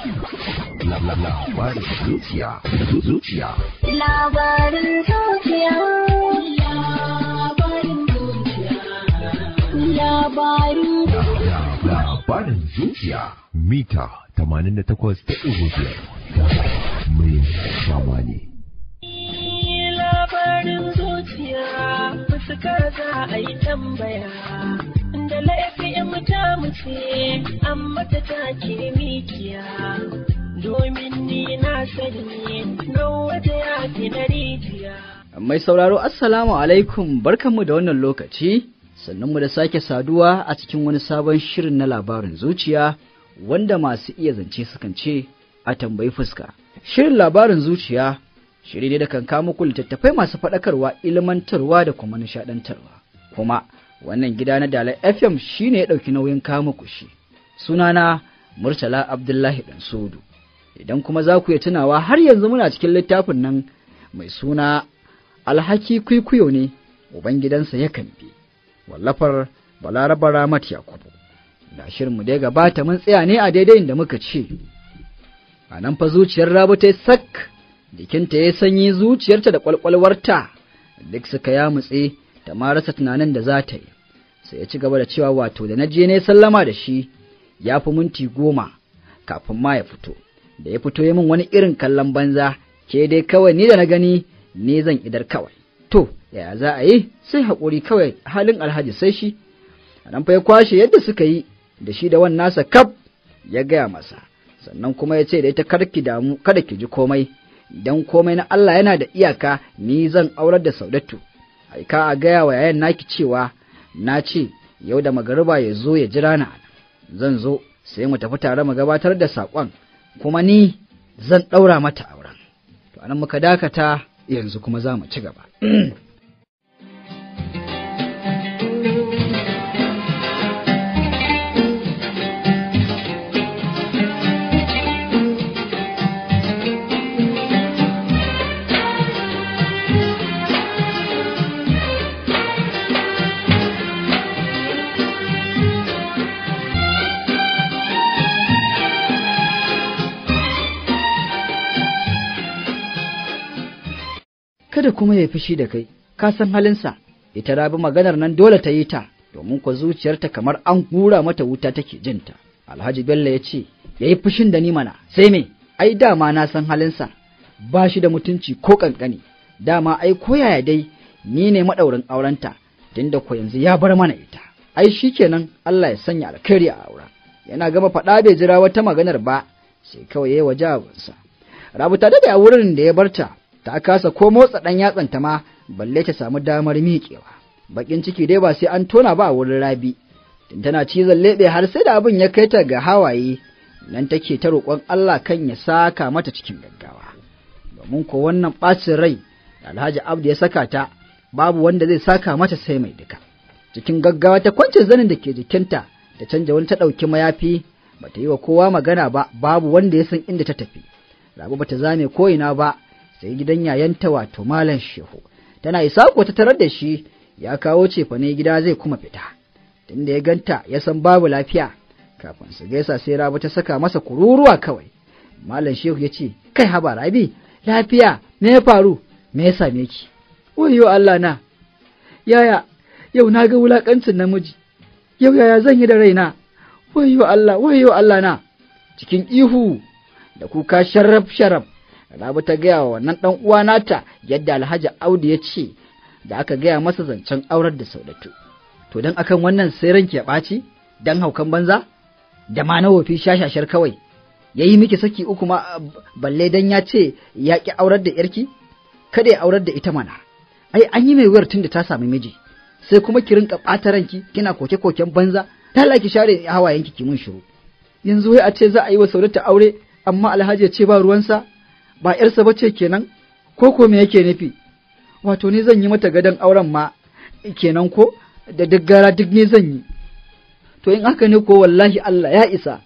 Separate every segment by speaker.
Speaker 1: Labarin zuciya, zuciya. Labarin zuciya. Labarin zuciya. Labarin zuciya. Labarin zuciya. Mita 88 ta Igobiyar. Mai shama Labarin zuciya, fuskar za a yi tambaya. rijiya. Mai sauraro Assalamu alaikum barkanmu da wannan lokaci sannanmu da sake saduwa a cikin wani sabon shirin na labarin zuciya wanda masu iya zance sukan ce a tambayi fuska. Shirin labarin zuciya shiri ne da kan kawo muku littattafai masu faɗakarwa ilmantarwa da kuma nishaɗantarwa. Kuma wannan gida na dalar fm shine ya ɗauki nauyin kama kushi sunana murtala abdullahi dan sodu idan kuma za ku iya tunawa har yanzu muna cikin littafin nan mai suna alhaki kwaikwayo ne ubangidansa ya kambe wallafar balaraba ramat yakubu da shirinmu dai ya gabata mun tsaya ne a daidai da muka ce a nan fa zuciyar rabu ta yi sak jikinta ya sanyi zuciyarta da kwalkwalwarta duk suka ya mutse ta ma rasa tunanin da za ta yi sai ya ci gaba da cewa wato da na je ne sallama da shi ya fi minti goma kafin ma ya fito da ya fito ya min wani irin kallon banza ke dai kawai ni da na gani ne zan idar kawai to yaya za a yi sai haƙuri kawai halin alhaji sai shi nan fa ya kwashe yadda suka yi da shi da wan nasa kaf ya gaya masa sannan kuma ya ce da ita kar ki damu kada ki ji komai idan komai na Allah yana da iyaka ni zan aurar da saudatu aika a gaya wa yayan naki cewa na ce yau da magariba ya zo ya jira na zan zo sai mu tafi tare mu gabatar da saƙon kuma ni zan ɗaura mata auren to anan muka dakata yanzu kuma za mu ci gaba dole kuma ya fushi da kai ka san halinsa ita rabi maganar nan dole ta yi ta domin kwa zuciyarta kamar an gura mata wuta take jinta alhaji bello ya ce ya yi fushin da ni mana sai me ai dama na san halinsa ba shi da mutunci ko ƙanƙani, dama ai koyaya dai ni ne maɗaurin aurenta tunda ko yanzu ya bar mana ita ai shi kenan Allah ya sanya alkhairi a aura yana gama faɗa bai jira wata maganar ba sai kawai ya yi waje Rabu ta da a wurin da ya barta ta kasa ko motsa ɗan yatsan ta ma balle ta samu damar miƙewa. Bakin ciki dai ba sai an tona ba a wurin rabi, tana cizon leɓe har sai da abin ya kai ta ga hawaye, nan take ta roƙon Allah kan ya saka mata cikin gaggawa. Domin ko wannan ɓacin rai Alhaji Abdu ya saka ta, babu wanda zai saka mata sai mai duka. Cikin gaggawa ta kwance zanin da ke jikinta, ta canja wani ta ɗauki mayafi, ba ta yi wa kowa magana ba, babu wanda ya san inda ta tafi. Rabu ba ta zame ina ba, sai gidan yayanta wato malam shehu tana isa ko ta tarar da shi ya kawo cefa ne gida zai kuma fita tunda ya ganta ya san babu lafiya kafin su gaisa sai rabu ta saka masa kururuwa kawai malam shehu ya ce kai haba rabi lafiya me ya faru me ya same ki wayo Allah na yaya yau na ga wulakancin namiji yau yaya zan yi da raina wayo Allah wayo Allah na cikin ihu da kuka sharaf sharaf rabu ta gaya wa wannan ɗan uwa nata yadda alhaji audu ya ce da aka gaya masa zancen aurar da saudatu to don akan wannan sai ranki ya ɓaci don haukan banza da ma na wofi shashashar kawai ya yi miki saki uku ma ah, balle dan ya ce ya ƙi aurar da yarki kada ya aurar da ita mana ai an yi mai wuyar tun da ta sami miji sai kuma ki rinka ɓata ranki kina koke-koken banza ta laki share hawayenki ki mun shiru yanzu wai a ce za a yi wa saudatu aure amma alhaji ya ce ba ruwansa ba ‘yarsa ba ce kenan, ko ko me yake nufi, wato ni zan yi mata gadon auren ma kenan ko da duk gara duk ne zan yi. To in haka ne ko wallahi Allah ya isa,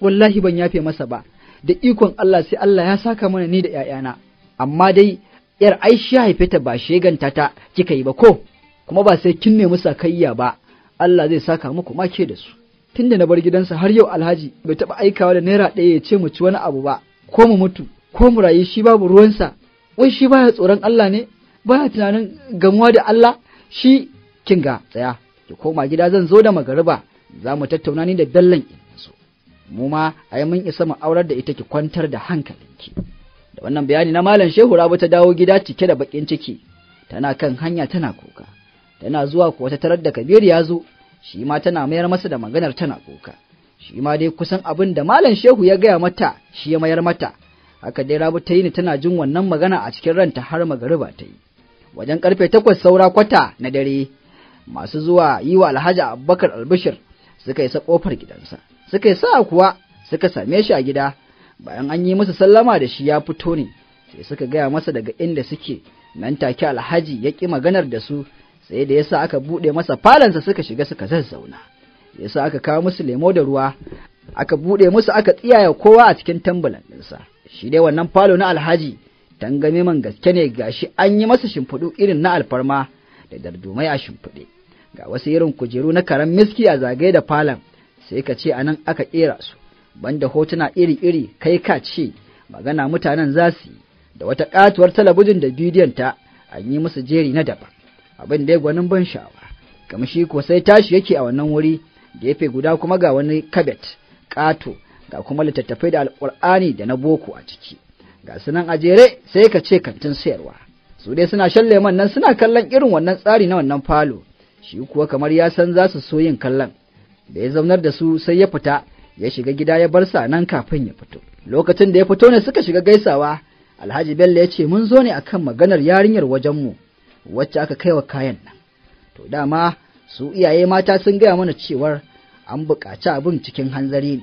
Speaker 1: wallahi ban yafe masa ba, da ikon Allah sai Allah ya saka mana ni da ‘ya'yana, amma dai ‘yar aishi haife ta ba sheganta ta kika yi ba ko, kuma ba sai kin nemi sakayya ba, Allah zai saka muku make da su. Tunda na bar gidansa har yau alhaji bai taɓa aikawa da naira ɗaya ya ce mu ci wani abu ba, ko mu mutu ko murayi shi babu ruwansa wai shi baya tsoron Allah ne baya tunanin gamuwa da Allah shi kin ga tsaya ki koma gida zan zo da magariba za mu tattauna ni da bellan so mu ma a yi mun isa mu aurar da ita ki kwantar da hankalinki da wannan bayani na malam shehu rabu ta dawo gida cike da bakin ciki tana kan hanya tana kuka tana zuwa kuwa ta tarar da kabiru ya zo shi ma tana mayar masa da maganar tana kuka shi ma dai kusan abin da malam shehu ya gaya mata shi ya mayar mata haka dai rabu ta yi ni tana jin wannan magana a cikin ranta har magariba ta yi wajen ƙarfe takwas saura kwata na dare masu zuwa yi wa alhaji abubakar albishir suka isa kofar gidansa suka isa kuwa suka same shi a gida bayan an yi masa sallama da shi ya fito ne sai suka gaya masa daga inda suke nan take alhaji ya ƙi maganar da su sai da yasa aka buɗe masa falansa suka shiga suka zazzauna yasa aka kawo musu lemo da ruwa aka buɗe musu aka tsiyaya kowa a cikin tambulan ɗinsa shi dai wannan falo na alhaji tangame man gaske ne gashi an yi masa shimfiɗu irin na alfarma da dardumai a shimfiɗe ga wasu irin kujeru na karen miski a zagaye da falon sai ka ce anan aka kera su banda hotuna iri-iri kai ka ce magana mutanen za su yi da wata katuwar talabijin da bidiyon ta an yi musu jeri na daban abin da ya gwanin ban sha'awa kamshi ko sai tashi yake a wannan wuri gefe guda kuma ga wani kabet kato ga kuma littattafai da alƙur'ani da na boko a ciki ga sunan a jere sai ka ce kantin sayarwa su dai suna shan lemon nan suna kallon irin wannan tsari na wannan falo shi kuwa kamar ya san za su so yin kallon da ya zaunar da su sai ya fita ya shiga gida ya bar sa nan kafin ya fito lokacin da ya fito ne suka shiga gaisawa alhaji bello ya ce mun zo ne akan maganar yarinyar wajenmu wacce aka kai wa kayan nan to dama su iyaye mata sun gaya mana cewar an buƙaci abin cikin hanzari ne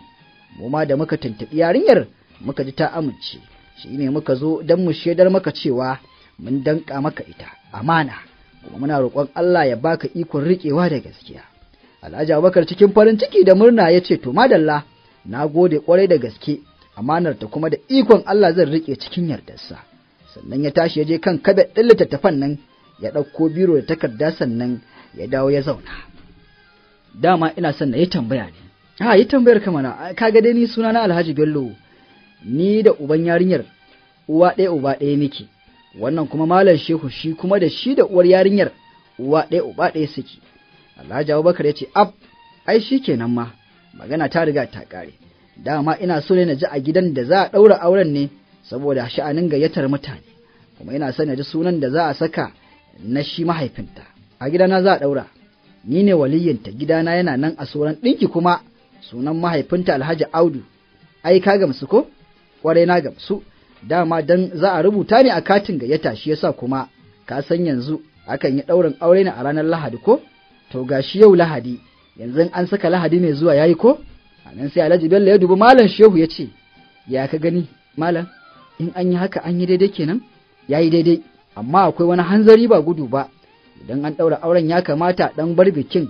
Speaker 1: mu ma da muka tuntuɓi yarinyar muka ji ta amince shi ne muka zo don mu shaidar maka cewa mun danƙa maka ita amana kuma muna roƙon Allah ya baka ikon riƙewa da gaskiya Alhaji Abubakar cikin farin ciki da murna ya ce to madalla na gode kwarai da gaske amanar ta kuma da ikon Allah zan riƙe cikin yardarsa sannan ya tashi ya je kan kabe ɗin littattafan nan ya ɗauko biro da takarda sannan ya dawo ya zauna dama ina son na yi tambaya ne ha yi tambayar ka mana kaga dai ni suna na Alhaji Bello ni da uban yarinyar uwa ɗaya uba ɗaya nake wannan kuma malam Shehu shi kuma da shi da uwar yarinyar uwa ɗaya uba ɗaya suke Alhaji Abubakar ya ce ab ai shi kenan ma magana ta riga ta ƙare. dama ina so ne na ji a gidan da za a ɗaura auren ne saboda sha'anin gayyatar mutane kuma ina son na ji sunan da za a saka na shi mahaifinta a gidana za a ɗaura ni ne waliyinta gidana yana nan a sauran ɗinki kuma sunan mahaifinta alhaji audu ai ka gamsu ko kwarai na gamsu dama dan za a rubuta ne a katin ga gayyata shi yasa kuma ka san yanzu akan yi ɗaurin aure ne a ranar lahadi ko to gashi yau lahadi yanzu an saka lahadi ne zuwa yayi ko a nan sai alhaji bello ya dubi malam shehu ya ce ya ka gani malam in an yi haka an yi daidai kenan ya yi daidai amma akwai wani hanzari ba gudu ba idan an ɗaura auren ya kamata ɗan bar bikin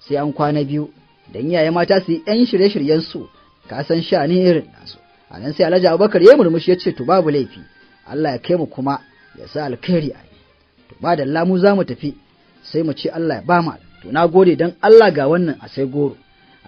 Speaker 1: sai an kwana biyu don iyaye mata su yi ‘yan shirye-shiryensu, ka san sha ne irin nasu. A nan sai Alhaji Abubakar ya murmushi ya ce, To babu laifi, Allah ya kai mu kuma ya sa alkhairi a yi. To ba da lamu za mu tafi, sai mu ce Allah ya ba mu To na gode don Allah ga wannan a sai goro.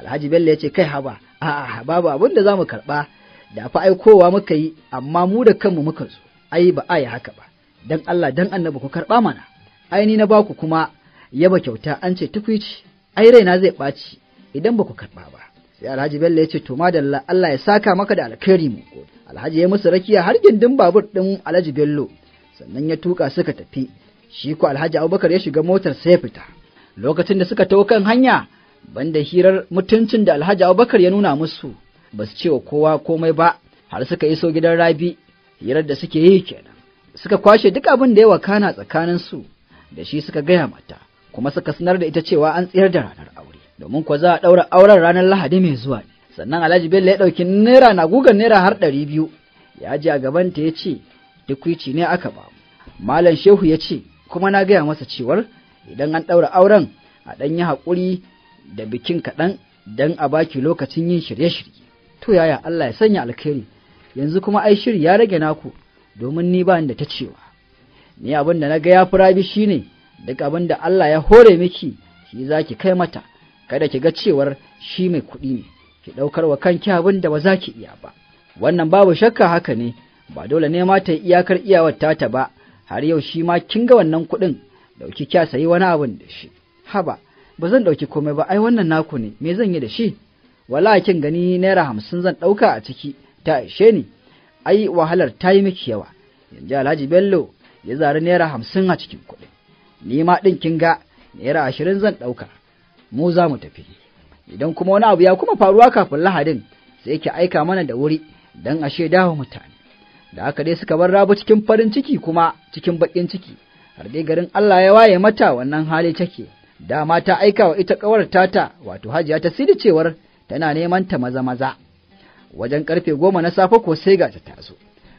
Speaker 1: Alhaji Bello ya ce, Kai haba, a'a babu abin da za mu karɓa, da fa aikowa muka yi, amma mu da kanmu muka zo, ai ba a yi haka ba. Don Allah don annabi ku karɓa mana. Ai ni na baku kuma yaba kyauta an ce tukwici, ai raina zai ɓaci idan ba ku karɓa ba sai alhaji bello ya ce to madalla allah ya saka maka da alkhairi mu alhaji ya musu rakiya har gindin babur ɗin alhaji bello sannan ya tuka suka tafi shi ko alhaji abubakar ya shiga motar sai fita lokacin da suka tawo kan hanya banda hirar mutuncin da alhaji abubakar ya nuna musu ba su cewa kowa komai ba har suka iso gidan rabi hirar da suke yi kenan suka kwashe duk abin da ya wakana tsakanin su da shi suka gaya mata kuma suka sanar da ita cewa an tsayar da ranar aure domin kuwa za a ɗaura auren ranar Lahadi mai zuwa. Sannan Alhaji Bello ya ɗauki naira na gugan naira har ɗari biyu, ya ji a gaban ta ya ce, duk dukwici ne aka ba. Malam Shehu ya ce, kuma na gaya masa cewar idan an ɗaura auren a ɗan yi haƙuri da bikin kaɗan don a baki lokacin yin shirye-shirye. To yaya Allah ya sanya alkhairi, yanzu kuma ai shiri ya rage naku domin ni ba da ta cewa. Ni abin da na ga ya fi rabi shine duk abin da Allah ya hore miki shi za ki kai mata. kada ki ga cewar shi mai kuɗi ne ki ɗaukar wa kanki abin da ba za ki iya ba wannan babu shakka haka ne ba dole ne ma ta yi iyakar iyawar tata ba har yau shi ma kin ga wannan kuɗin ɗauki kya sayi wani abin da shi haba ba zan ɗauki komai ba ai wannan naku ne me zan yi da shi wala kin gani naira hamsin zan ɗauka a ciki ta ishe ni ai wahalar ta yi miki yawa yanzu alhaji bello ya zari naira hamsin a cikin kuɗi. ni ma ɗin kin ga naira ashirin zan ɗauka mu za mu tafi idan kuma wani abu ya kuma faruwa kafin lahadin sai ki aika mana da wuri don a sheda wa mutane da haka dai suka bar rabu cikin farin ciki kuma cikin baƙin ciki har dai garin Allah ya waye mata wannan hali take dama ta aika wa ita kawar tata wato hajiya ta sidi cewar tana neman ta maza maza wajen karfe goma na safe ko sai ga ta taso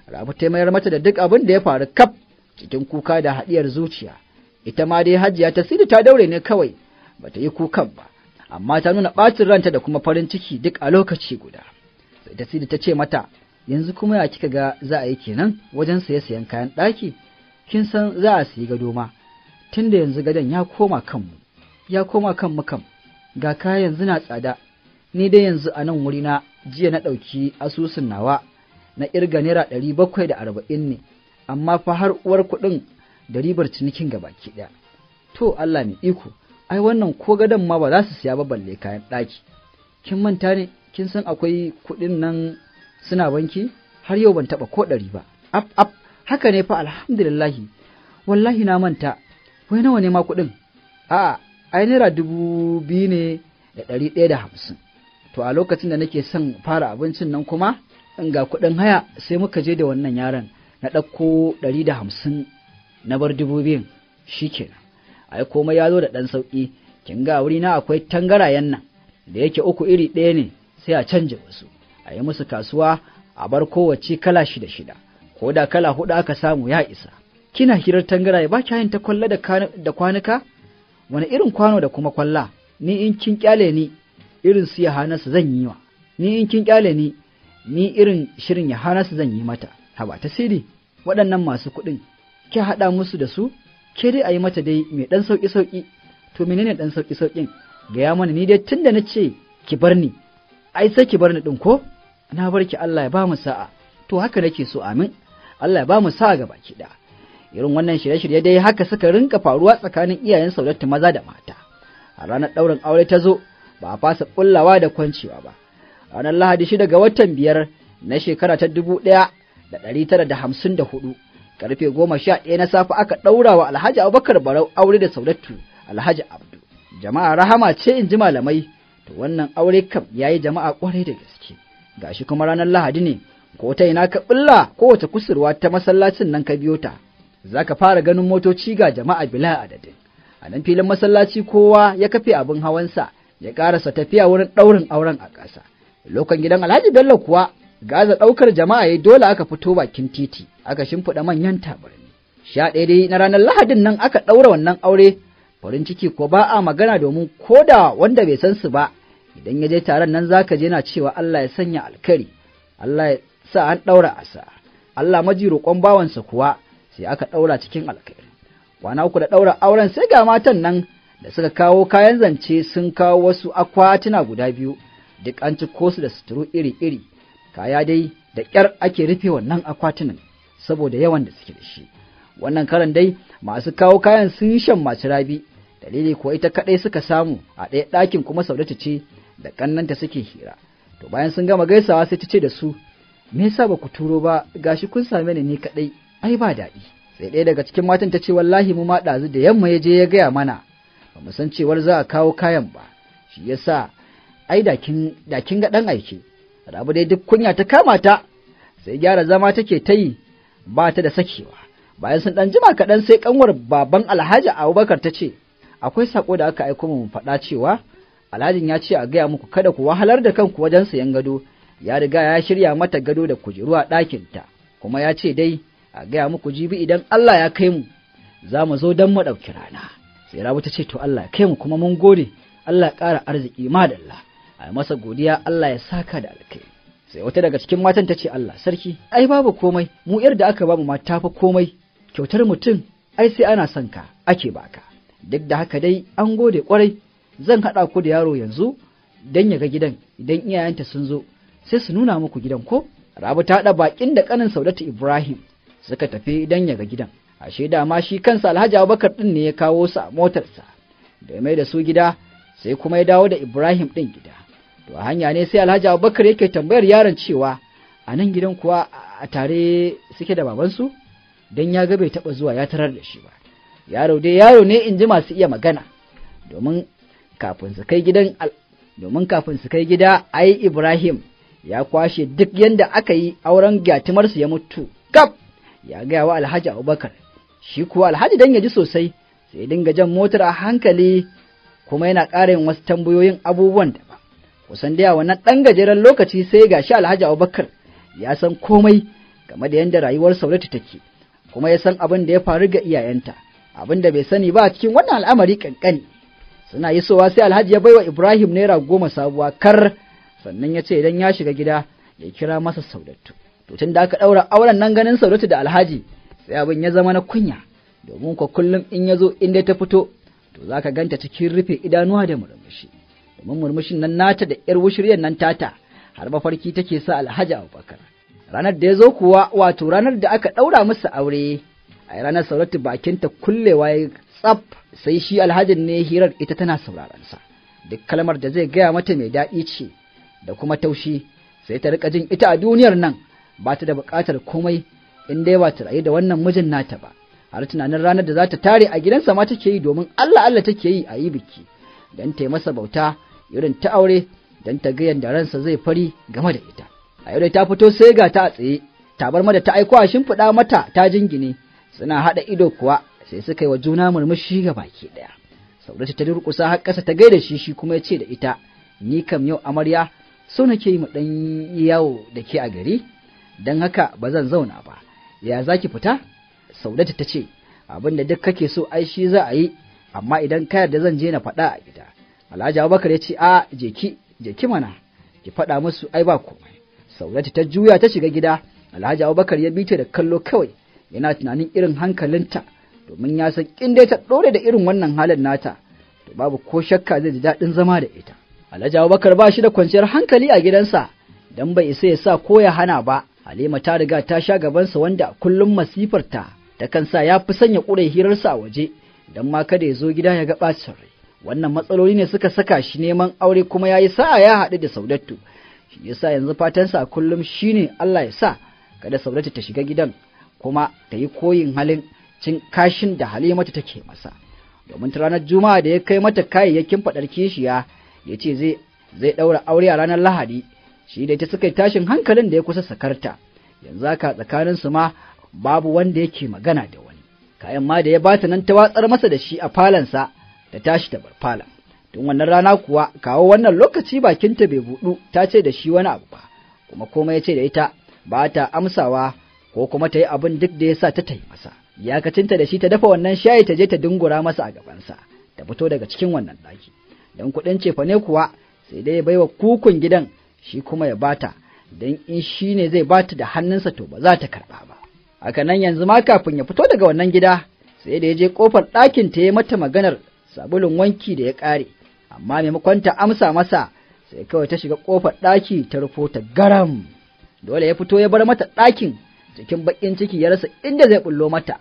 Speaker 1: rabu ta mayar mata da duk abin da ya faru kaf cikin kuka da haɗiyar zuciya ita ma dai hajiya ta sidi ta daure ne kawai ba ta yi kukan ba amma ta nuna ɓacin ranta da kuma farin ciki duk a lokaci guda sai ta sidi ta ce mata yanzu kuma ya kika ga za a yi kenan wajen saye sayen kayan ɗaki kin san za a sayi gado ma da yanzu gadon ya koma kanmu ya koma kan kam ga kaya yanzu na tsada ni dai yanzu a nan wuri na jiya na ɗauki asusun nawa na ƙirga naira ɗari bakwai da arba'in ne amma fa har uwar kuɗin da ribar cinikin gabaki ɗaya to Allah mai iko ai wannan ko gadon ma ba za su siya ba balle kayan ɗaki kin manta ne kin san akwai kuɗin nan suna banki har yau ban taɓa ko ɗari ba ap ap haka ne fa alhamdulillahi wallahi na manta wai nawa ne ma kuɗin a'a ai naira dubu biyu ne da ɗari ɗaya da hamsin to a lokacin da nake son fara abincin nan kuma in ga kuɗin haya sai muka je da wannan yaron na ɗauko ɗari da hamsin na bar dubu biyun shi kenan ai komai ya zo da ɗan sauƙi kin ga wuri na akwai tangarayen nan da yake uku iri ɗaya ne sai a canja wasu a yi musu kasuwa a bar kowace kala shida shida ko da kala huɗu aka samu ya isa kina hirar tangaraye ba kya ta kwalla da kwanuka wani irin kwano da kuma kwalla ni in kin kyale ni irin su ya zan yi wa ni in kin kyale ni ni irin shirin Yahanasu zan yi mata haba ta sirri waɗannan masu kuɗin ki haɗa musu da su ke dai a yi mata dai mai ɗan sauƙi-sauƙi to menene ɗan sauƙi-sauƙin gaya mana ni dai tunda na ce ki bar ni ai sai ki bar ni ɗin ko na bar ki Allah ya ba mu sa'a to haka nake so amin Allah ya ba mu sa'a ga baki ɗaya irin wannan shirye-shirye dai haka suka rinka faruwa tsakanin iyayen saudatti maza da mata a ranar ɗaurin aure ta zo ba a fasa ƙullawa da kwancewa ba ranar lahadi shida ga watan biyar na shekara ta dubu ɗaya da ɗari tara da hamsin da hudu karfe goma sha ɗaya na safe aka ɗaura wa alhaji abubakar barau aure da saudattu alhaji abdu jama'a rahama ce in ji malamai to wannan aure kam ya yi jama'a ƙwarai da gaske Ga shi kuma ranar lahadi ne ko ta ina ka ɓilla kowace kusurwa ta masallacin nan ka biyo ta za ka fara ganin motoci ga jama'a bila adadin a nan filin masallaci kowa ya kafe abin hawansa ya ƙarasa tafiya wurin ɗaurin auren a ƙasa lokan gidan alhaji bello kuwa gaza ɗaukar jama'a ya dole aka fito bakin titi aka shimfiɗa manyan tabarni sha ɗaya dai na ranar lahadin nan aka ɗaura wannan aure farin ciki ko ba a magana domin ko da wanda bai san su ba idan ya je taron nan zaka je na cewa Allah ya sanya alkari Allah ya sa an ɗaura asa Allah maji roƙon bawansa kuwa sai aka ɗaura cikin alkari kwana uku da ɗaura auren sai ga matan nan da suka kawo kayan zance sun kawo wasu akwatuna guda biyu duk an ci su da suturu iri-iri kaya dai da ƙyar ake rufe wannan akwatunan saboda yawan da suke da shi wannan karan dai masu kawo kayan sun yi shan masu rabi dalili kuwa ita kaɗai suka samu a ɗaya ɗakin kuma saudata ce da ƙannanta suke hira to bayan sun gama gaisawa sai ta ce da su me yasa ba ku turo ba gashi kun same ni ne kaɗai ai ba daɗi sai ɗaya daga cikin matan ta ce wallahi mu ma ɗazu da yamma ya je ya gaya mana ba mu san cewar za a kawo kayan ba shi yasa ai da kin ga ɗan aike Rabu dai duk kunya ta kama ta, sai gyara zama take ta yi ba ta da sakewa. Bayan sun ɗan jima kaɗan sai ƙanwar baban Alhaji Abubakar ta ce, Akwai sako da aka aiko mu faɗa cewa, Alhajin ya ce a gaya muku kada ku wahalar da kanku wajen sayan gado, ya riga ya shirya mata gado da kujeru a ɗakinta, kuma ya ce dai a gaya muku jibi idan Allah ya kai mu, za mu zo don mu ɗauki rana. Sai Rabu ta ce to Allah ya kai mu kuma mun gode, Allah ya ƙara arziki madalla. a masa godiya Allah ya saka da alkai sai wata daga cikin matan ta ce Allah sarki ai babu komai mu yar da aka bamu ma ta fa komai kyautar mutum ai sai ana son ka ake baka duk da haka dai an gode kwarai zan haɗa ku da yaro yanzu dan ya ga gidan idan iyayenta sun zo sai su nuna muku gidan ko rabu ta haɗa bakin da kanin saudatu ibrahim suka tafi dan ya ga gidan ashe da ma shi kansa alhaji abubakar ɗin ne ya kawo su a motarsa da ya mai da su gida sai kuma ya dawo da ibrahim ɗin gida to a hanya ne sai alhaji abubakar yake tambayar yaron cewa a nan gidan kuwa a tare suke da babansu don ya ga bai taɓa zuwa ya tarar da shi ba yaro dai yaro ne in ji masu iya magana domin kafin su kai gidan domin kafin su kai gida ai ibrahim ya kwashe duk yadda aka yi auren gyatumarsu ya mutu gab ya gaya wa alhaji abubakar shi kuwa alhaji dan ya ji sosai sai dinga jan motar a hankali kuma yana ƙara yin wasu tambayoyin abubuwan da ba kusan da wannan ɗan gajeren lokaci sai ga shi alhaji abubakar ya san komai game da yadda rayuwar saudatu take kuma ya san abin da ya faru ga iyayenta abin da bai sani ba cikin wannan al'amari kankani suna yi sowa sai alhaji ya baiwa ibrahim naira goma sabuwa kar sannan ya ce idan ya shiga gida ya kira masa saudattu to tun da aka ɗaura auren nan ganin saudatu da alhaji sai abin ya zama na kunya domin kwa kullum in ya zo inda ta fito to za ka ganta cikin rufe idanuwa da murmushi domin murmushin nan nata da ‘yar wushiriyar nan tata har mafarki take sa alhaji abubakar ranar da ya zo kuwa wato ranar da aka ɗaura musu aure a ranar sauratu ta kullewa ya tsaf sai shi alhajin ne hirar ita tana saurarensa duk kalmar da zai gaya mata mai daɗi ce da kuma taushi sai ta rika jin ita a duniyar nan ba ta da buƙatar komai in dai ba ta rayu da wannan mijin nata ba har tunanin ranar da za ta tare a gidansa ma take yi domin Allah Allah take yi a yi biki dan ta masa bauta irin ta aure don ta ga yadda ransa zai fari game da ita. A yau ta fito sai ga ta a tsaye, tabarma da ta aiko a shimfiɗa mata ta jingine, suna haɗa ido kuwa sai suka yi wa juna murmushi ga baki ɗaya. Saurata ta durƙusa har ƙasa ta gaida shi shi kuma ya ce da ita, ni kam yau amarya so nake yi mu ɗan yawo da ke a gari, don haka ba zan zauna ba. Ya za ki fita? Saurata ta ce, abin da duk kake so ai shi za a yi, amma idan ka da zan je na faɗa a gida. Alhaji Abubakar ya ce a jeki jeki mana ki faɗa musu ai ba komai. Saudatu ta juya ta shiga gida Alhaji Abubakar ya bi ta da kallo kawai yana tunanin irin hankalinta domin ya san in dai ta ɗore da irin wannan halin nata to babu ko shakka zai ji daɗin zama da ita. Alhaji Abubakar ba shi da kwanciyar hankali a gidansa dan bai isa ya sa ko ya hana ba. Halima ta riga ta sha gabansa wanda kullum masifarta ta kan sa ya fi sanya ƙure hirarsa a waje don ma kada ya zo gida ya ga ɓacin rai. wannan matsaloli ne suka saka shi neman aure kuma ya yi sa'a ya haɗu da saudattu shi yasa yanzu fatansa a kullum shi ne Allah ya sa kada saudattu ta shiga gidan kuma ta yi koyin halin cin kashin da halimatu take masa domin ta ranar juma'a da ya kai mata kayayyakin faɗar kishiya ya ce zai zai ɗaura aure a ranar lahadi shi da ta suka yi tashin hankalin da ya kusa sakarta yanzu haka su ma babu wanda yake magana da wani kayan ma da ya bata nan ta watsar masa da shi a falansa da tashi da barfala tun wannan rana kuwa kawo wannan lokaci bakinta bai buɗu ta ce da shi wani abu ba kuma komai ya ce da ita ba ta amsawa ko kuma ta yi abin duk da ya sa ta tayi masa iyakacinta da shi ta dafa wannan shayi ta je ta dungura masa a gabansa ta fito daga cikin wannan ɗaki don kuɗin cefa ne kuwa sai dai ya bai wa kukun gidan shi kuma ya bata don in shi ne zai bata da hannunsa to ba za ta karɓa ba haka nan yanzu ma kafin ya fito daga wannan gida sai da ya je ƙofar ɗakin ta ya mata maganar sabulun wanki da ya ƙare, amma maimakon ta amsa masa sai kawai ta shiga ƙofar ɗaki ta rufo ta garam. Dole ya fito ya bar mata ɗakin cikin baƙin ciki ya rasa inda zai ɓullo mata,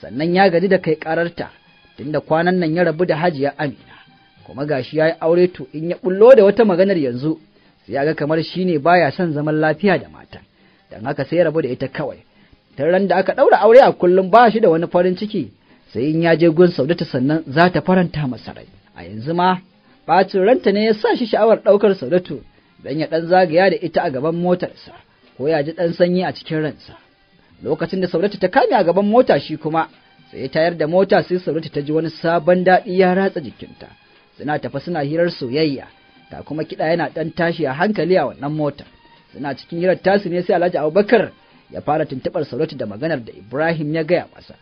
Speaker 1: sannan ya gaji da kai ƙararta, tunda kwanan nan ya rabu da hajiya Amina, kuma gashi ya yi aure to in ya ɓullo da wata maganar yanzu, sai ya ga kamar shi ne baya son zaman lafiya da mata don haka sai ya rabu da ita kawai. Tun ran da aka ɗaura aure a kullum ba shi da wani farin ciki, sai in ya je gun saudata sannan za ta faranta masa rai a yanzu ma ɓacin ranta ne ya sa shi sha'awar ɗaukar saudatu don ya ɗan zagaya da ita a gaban motarsa ko ya ji ɗan sanyi a cikin ransa lokacin da saudatu ta kame a gaban mota shi kuma sai ya tayar da mota sai saudatu ta ji wani sabon daɗi ya ratsa jikinta suna tafa suna hirar soyayya ta kuma kiɗa yana ɗan tashi a hankali a wannan mota suna cikin hirar tasu ne sai alhaji abubakar ya fara tuntuɓar saudatu da maganar da ibrahim ya gaya masa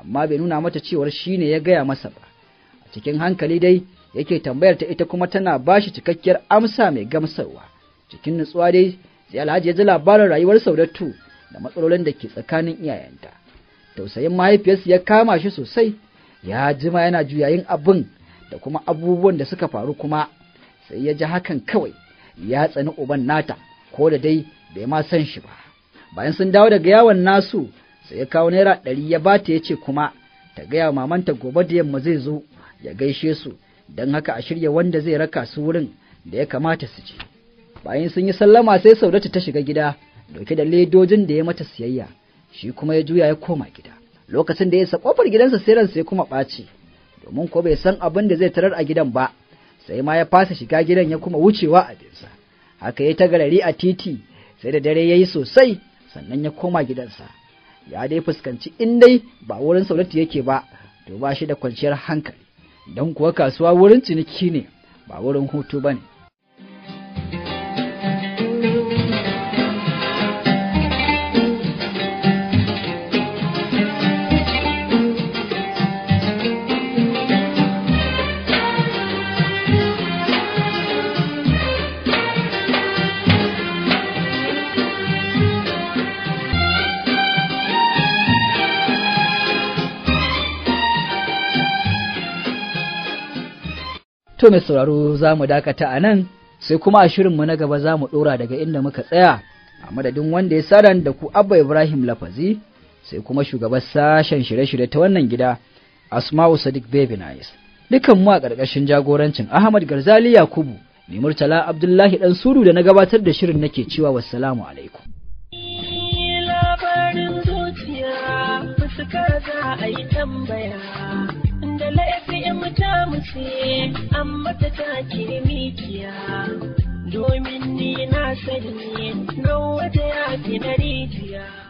Speaker 1: amma bai nuna mata cewar shi ne ya gaya masa ba a cikin hankali dai yake tambayar ta ita kuma tana ba shi cikakkiyar amsa mai gamsarwa cikin nutsuwa dai sai alhaji ya ji labarin rayuwar saudatu da matsalolin da ke tsakanin iyayenta tausayin mahaifiyarsu ya kama shi sosai ya jima yana juyayin abin da kuma abubuwan da suka faru kuma sai ya ji hakan kawai ya tsani uban nata ko da dai bai ma san shi ba bayan sun dawo daga yawon nasu sai ya kawo naira ɗari ya bata ya ce kuma ta gaya mamanta gobe da yamma zai zo ya gaishe su don haka a shirya wanda zai raka su wurin da ya kamata su je bayan sun yi sallama sai saudatu ta shiga gida dauke da ledojin da ya mata siyayya shi kuma ya juya ya koma gida lokacin da ya isa kofar gidansa sai ransa ya kuma ɓaci domin ko bai san abin da zai tarar a gidan ba sai ma ya fasa shiga gidan ya kuma wucewa a binsa haka ya tagarari a titi sai da dare ya yi sosai sannan ya koma gidansa ya dai fuskanci in dai ba wurin saurati yake ba to ba shi da kwanciyar hankali don kuwa kasuwa wurin ciniki ne ba wurin hutu ba ne To mai sauraro za mu dakata a nan sai kuma a shirinmu na gaba za mu ɗora daga inda muka tsaya a madadin wanda ya sa da ku Abba Ibrahim Lafazi sai kuma shugaban sashen shirye-shirye ta wannan gida Asma'u Sadiq Baby Nice. Dukan mu a ƙarƙashin jagorancin Ahmad Garzali Yakubu mai Murtala Abdullahi dan Suru da na gabatar da shirin nake cewa wassalamu alaikum. Labarin za a yi tambaya. wuce an mata ta kirmikiya domin ni na sani na ta ya na rijiya.